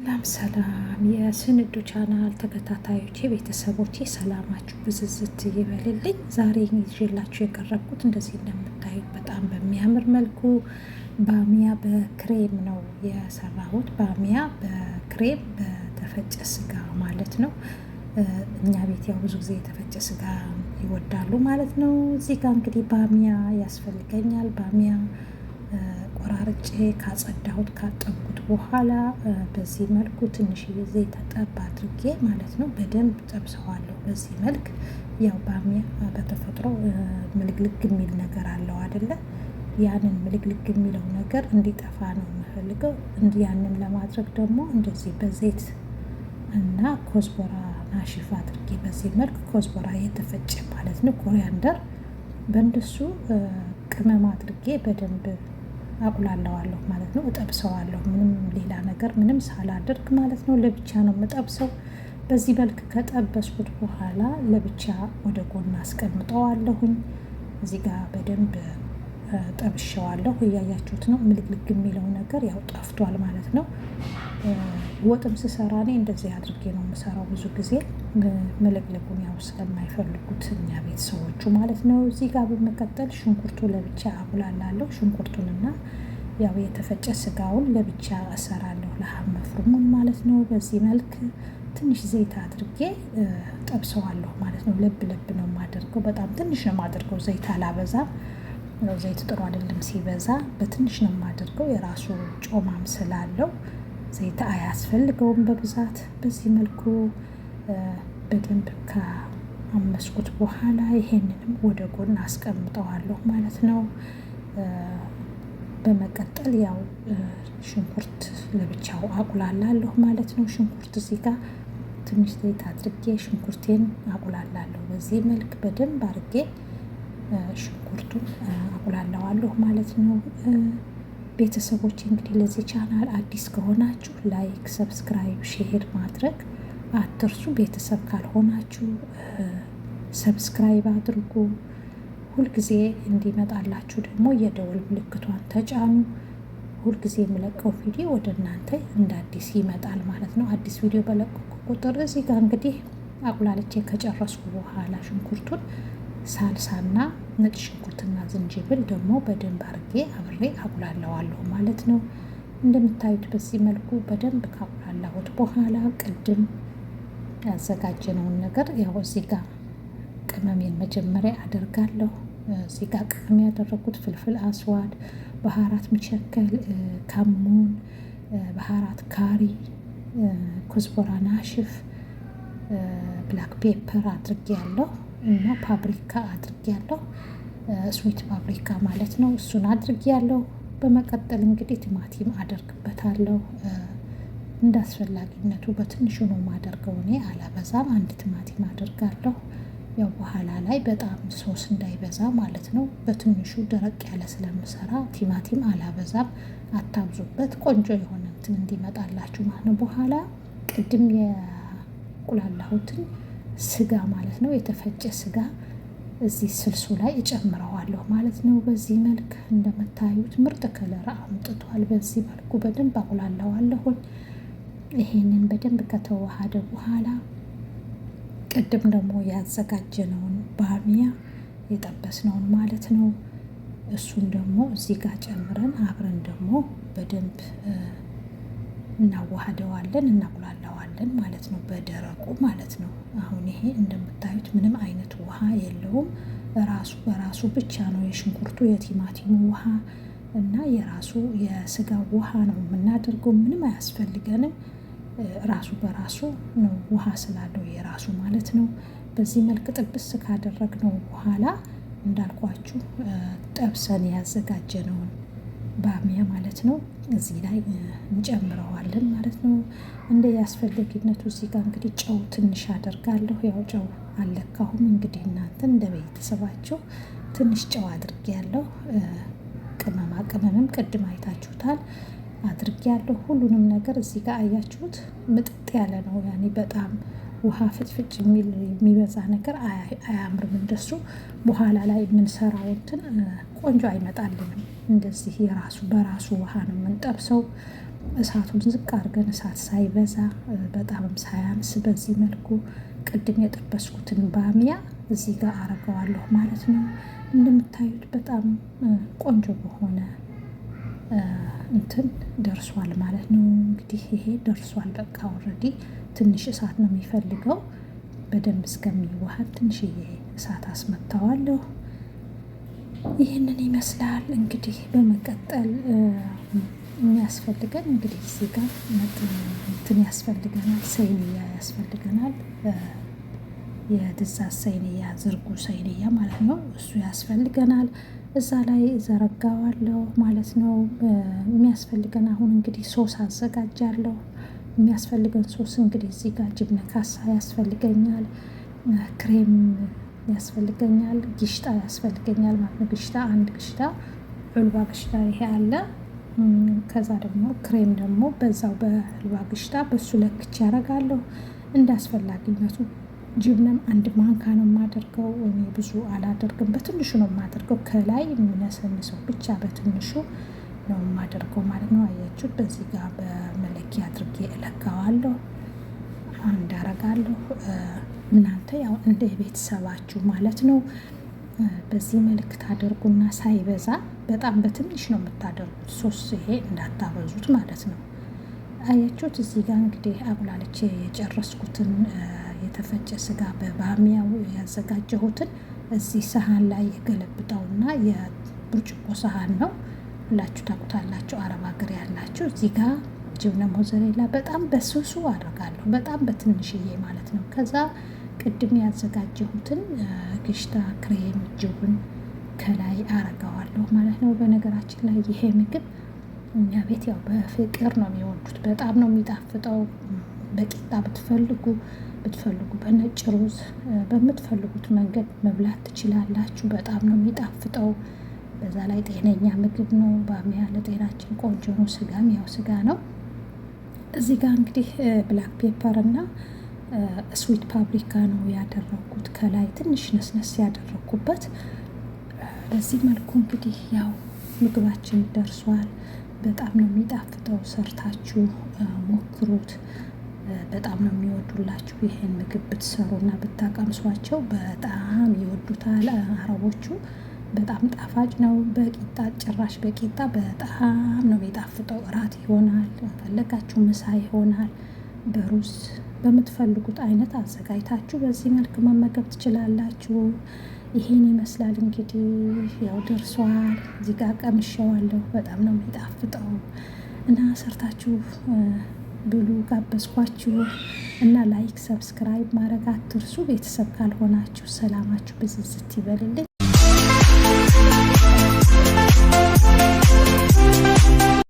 ሰላም ሰላም የስንዱ ቻናል ተከታታዮች ቤተሰቦች ሰላማችሁ ብዝዝት ይበልልኝ። ዛሬ ይዤላችሁ የቀረብኩት እንደዚህ እንደምታዩት በጣም በሚያምር መልኩ ባሚያ በክሬም ነው የሰራሁት። ባሚያ በክሬም በተፈጨ ስጋ ማለት ነው። እኛ ቤት ያው ብዙ ጊዜ የተፈጨ ስጋ ይወዳሉ ማለት ነው። እዚህ ጋር እንግዲህ ባሚያ ያስፈልገኛል ባሚያ አርጨ ካጸዳሁት ካጠብኩት በኋላ በዚህ መልኩ ትንሽዬ ዘይት ጠብ አድርጌ ማለት ነው በደንብ ጠብሰዋለሁ። በዚህ መልክ ያው ባሚያ በተፈጥሮ ምልግልግ የሚል ነገር አለው አደለ? ያንን ምልግልግ የሚለው ነገር እንዲጠፋ ነው የምፈልገው። ያንን ለማድረግ ደግሞ እንደዚህ በዘይት እና ኮዝቦራ ናሽፍ አድርጌ በዚህ መልክ ኮዝቦራ የተፈጨ ማለት ነው ኮሪያንደር በእንደሱ ቅመም አድርጌ በደንብ አቁላለዋለሁ ማለት ነው። እጠብሰዋለሁ ምንም ሌላ ነገር ምንም ሳላደርግ ማለት ነው። ለብቻ ነው የምጠብሰው። በዚህ መልክ ከጠበስኩት በኋላ ለብቻ ወደ ጎን አስቀምጠዋለሁኝ። እዚህ ጋር በደንብ ጠብሸዋለሁ። እያያችሁት ነው ምልግልግ የሚለው ነገር ያው ጠፍቷል ማለት ነው። ወጥም ስሰራ እኔ እንደዚህ አድርጌ ነው የምሰራው። ብዙ ጊዜ ምልግልጉን ያው ስለማይፈልጉት እኛ ቤት ሰዎቹ ማለት ነው። እዚህ ጋር በመቀጠል ሽንኩርቱ ለብቻ አቡላላለሁ። ሽንኩርቱንና ያው የተፈጨ ስጋውን ለብቻ እሰራለሁ። ለሀም መፍሩሙን ማለት ነው። በዚህ መልክ ትንሽ ዘይት አድርጌ ጠብሰዋለሁ ማለት ነው። ለብ ለብ ነው የማደርገው። በጣም ትንሽ ነው የማደርገው። ዘይት አላበዛም። ነው። ዘይት ጥሩ አይደለም ሲበዛ፣ በትንሽ ነው የማደርገው። የራሱ ጮማም ስላለው ዘይት አያስፈልገውም በብዛት። በዚህ መልኩ በደንብ ከአመስኩት በኋላ ይሄንንም ወደ ጎን አስቀምጠዋለሁ ማለት ነው። በመቀጠል ያው ሽንኩርት ለብቻው አቁላላለሁ ማለት ነው። ሽንኩርት እዚህ ጋር ትንሽ ዘይት አድርጌ ሽንኩርቴን አቁላላለሁ በዚህ መልክ በደንብ አድርጌ ሽንኩርቱን አቁላለዋለሁ ማለት ነው። ቤተሰቦች እንግዲህ ለዚህ ቻናል አዲስ ከሆናችሁ ላይክ፣ ሰብስክራይብ፣ ሼር ማድረግ አትርሱ። ቤተሰብ ካልሆናችሁ ሰብስክራይብ አድርጉ። ሁልጊዜ እንዲመጣላችሁ ደግሞ የደውል ምልክቷን ተጫኑ። ሁልጊዜ የምለቀው ቪዲዮ ወደ እናንተ እንደ አዲስ ይመጣል ማለት ነው። አዲስ ቪዲዮ በለቀቁ ቁጥር እዚህ ጋር እንግዲህ አቁላልቼ ከጨረስኩ በኋላ ሽንኩርቱን ሳልሳና ነጭ ሽንኩርትና ዝንጅብል ደግሞ በደንብ አርጌ አብሬ አቁላለዋለሁ ማለት ነው። እንደምታዩት በዚህ መልኩ በደንብ ካቁላላሁት በኋላ ቅድም ያዘጋጀነውን ነገር ያው እዚህ ጋር ቅመሜን መጀመሪያ አደርጋለሁ። እዚህ ጋር ቅመም ያደረጉት ፍልፍል አስዋድ፣ ባህራት ምቸከል፣ ከሙን፣ ባህራት ካሪ፣ ኮዝቦራ ናሽፍ፣ ብላክ ፔፐር አድርጌ ያለሁ እና ፓብሪካ አድርጌ ያለው ስዊት ፓብሪካ ማለት ነው። እሱን አድርጌ ያለው በመቀጠል እንግዲህ ቲማቲም አደርግበታለሁ። እንደ አስፈላጊነቱ በትንሹ ነው ማደርገው እኔ አላበዛም። አንድ ቲማቲም አደርጋለሁ። ያው በኋላ ላይ በጣም ሶስ እንዳይበዛ ማለት ነው። በትንሹ ደረቅ ያለ ስለምሰራ ቲማቲም አላበዛም። አታብዙበት። ቆንጆ የሆነ እንትን እንዲመጣላችሁ ማለት ነው። በኋላ ቅድም የቁላላሁትን ስጋ ማለት ነው። የተፈጨ ስጋ እዚህ ስልሱ ላይ እጨምረዋለሁ ማለት ነው። በዚህ መልክ እንደምታዩት ምርጥ ከለር አምጥቷል። በዚህ መልኩ በደንብ አቁላለዋለሁን። ይሄንን በደንብ ከተዋሃደ በኋላ ቅድም ደግሞ ያዘጋጀነውን ባሚያ የጠበስነውን ማለት ነው። እሱን ደግሞ እዚህ ጋር ጨምረን አብረን ደግሞ በደንብ እናዋህደዋለን፣ እናቁላለዋለን እንሰራለን ማለት ነው፣ በደረቁ ማለት ነው። አሁን ይሄ እንደምታዩት ምንም አይነት ውሃ የለውም። ራሱ በራሱ ብቻ ነው የሽንኩርቱ የቲማቲሙ ውሃ እና የራሱ የስጋ ውሃ ነው የምናደርገው። ምንም አያስፈልገንም። ራሱ በራሱ ነው ውሃ ስላለው የራሱ ማለት ነው። በዚህ መልክ ጥብስ ካደረግነው በኋላ እንዳልኳችሁ ጠብሰን ያዘጋጀነውን ባሚያ ማለት ነው። እዚህ ላይ እንጨምረዋለን ማለት ነው። እንደ ያስፈላጊነቱ እዚህ ጋር እንግዲህ ጨው ትንሽ አደርጋለሁ። ያው ጨው አለካሁም እንግዲህ እናንተ እንደ ቤተሰባቸው ትንሽ ጨው አድርጌ ያለው ቅመማ ቅመምም ቅድም አይታችሁታል አድርጌ ያለሁ ሁሉንም ነገር እዚህ ጋር አያችሁት። ምጥጥ ያለ ነው ያኔ በጣም ውሃ ፍጭፍጭ የሚል የሚበዛ ነገር አያምርም። እንደሱ በኋላ ላይ የምንሰራው እንትን ቆንጆ አይመጣልንም። እንደዚህ የራሱ በራሱ ውሃ ነው የምንጠብሰው። እሳቱን ዝቅ አድርገን እሳት ሳይበዛ በጣምም ሳያንስ በዚህ መልኩ ቅድም የጠበስኩትን ባሚያ እዚህ ጋር አረገዋለሁ ማለት ነው። እንደምታዩት በጣም ቆንጆ በሆነ እንትን ደርሷል ማለት ነው። እንግዲህ ይሄ ደርሷል። በቃ ኦልሬዲ ትንሽ እሳት ነው የሚፈልገው። በደንብ እስከሚዋሃድ ትንሽዬ እሳት አስመታዋለሁ። ይህንን ይመስላል እንግዲህ። በመቀጠል የሚያስፈልገን እንግዲህ እዚህ ጋር እንትን ያስፈልገናል፣ ሰይንያ ያስፈልገናል። የትእዛዝ ሰይንያ ዝርጉ ሰይንያ ማለት ነው። እሱ ያስፈልገናል። እዛ ላይ ዘረጋዋለሁ ማለት ነው። የሚያስፈልገን አሁን እንግዲህ ሶስ አዘጋጃለሁ። የሚያስፈልገን ሶስ እንግዲህ እዚህ ጋር ጅብነ ካሳ ያስፈልገኛል ክሬም ያስፈልገኛል። ግሽጣ ያስፈልገኛል ማለት ነው። ግሽጣ አንድ ግሽጣ፣ ሑልባ ግሽጣ ይሄ አለ። ከዛ ደግሞ ክሬም ደግሞ በዛው በህልባ ግሽጣ በሱ ለክች ያደርጋለሁ። እንደ አስፈላጊነቱ ጅብነም አንድ ማንካ ነው የማደርገው። እኔ ብዙ አላደርግም፣ በትንሹ ነው የማደርገው። ከላይ የሚነሰንሰው ብቻ በትንሹ ነው የማደርገው ማለት ነው። አያችሁ፣ በዚህ ጋር በመለኪያ አድርጌ እለካዋለሁ። አንድ አረጋለሁ። እናንተ ያው እንደ ቤተሰባችሁ ማለት ነው። በዚህ መልክ ታደርጉና ሳይበዛ በጣም በትንሽ ነው የምታደርጉት። ሶስት ይሄ እንዳታበዙት ማለት ነው። አያችሁት? እዚህ ጋር እንግዲህ አቁላልቼ የጨረስኩትን የተፈጨ ስጋ በባሚያው ያዘጋጀሁትን እዚህ ሰሀን ላይ የገለብጠውና የብርጭቆ ሰሀን ነው። ሁላችሁ ታቁታላችሁ አረብ ሀገር ያላችሁ። እዚህ ጋር ጅብነ ሞዘሬላ በጣም በስሱ አድርጋለሁ፣ በጣም በትንሽዬ ማለት ነው። ከዛ ቅድም ያዘጋጀሁትን ግሽታ ክሬም እጅቡን ከላይ አረገዋለሁ ማለት ነው። በነገራችን ላይ ይሄ ምግብ እኛ ቤት ያው በፍቅር ነው የሚወዱት። በጣም ነው የሚጣፍጠው። በቂጣ ብትፈልጉ ብትፈልጉ በነጭ ሩዝ በምትፈልጉት መንገድ መብላት ትችላላችሁ። በጣም ነው የሚጣፍጠው። በዛ ላይ ጤነኛ ምግብ ነው። ባሚያ ለጤናችን ቆንጆ ነው። ስጋም ያው ስጋ ነው። እዚህ ጋር እንግዲህ ብላክ ፔፐር እና ስዊት ፓብሪካ ነው ያደረኩት። ከላይ ትንሽ ነስነስ ያደረኩበት። በዚህ መልኩ እንግዲህ ያው ምግባችን ደርሷል። በጣም ነው የሚጣፍጠው። ሰርታችሁ ሞክሩት። በጣም ነው የሚወዱላችሁ። ይህን ምግብ ብትሰሩና ብታቀምሷቸው በጣም ይወዱታል አረቦቹ። በጣም ጣፋጭ ነው። በቂጣ ጭራሽ በቂጣ በጣም ነው የሚጣፍጠው። እራት ይሆናል፣ ፈለጋችሁ ምሳ ይሆናል፣ በሩዝ በምትፈልጉት አይነት አዘጋጅታችሁ በዚህ መልክ መመገብ ትችላላችሁ። ይሄን ይመስላል እንግዲህ ያው ደርሷል። እዚህ ጋር በጣም ነው የሚጣፍጠው እና ሰርታችሁ ብሉ ጋበዝኳችሁ። እና ላይክ ሰብስክራይብ ማድረግ አትርሱ። ቤተሰብ ካልሆናችሁ ሰላማችሁ ብዝዝት ይበልልን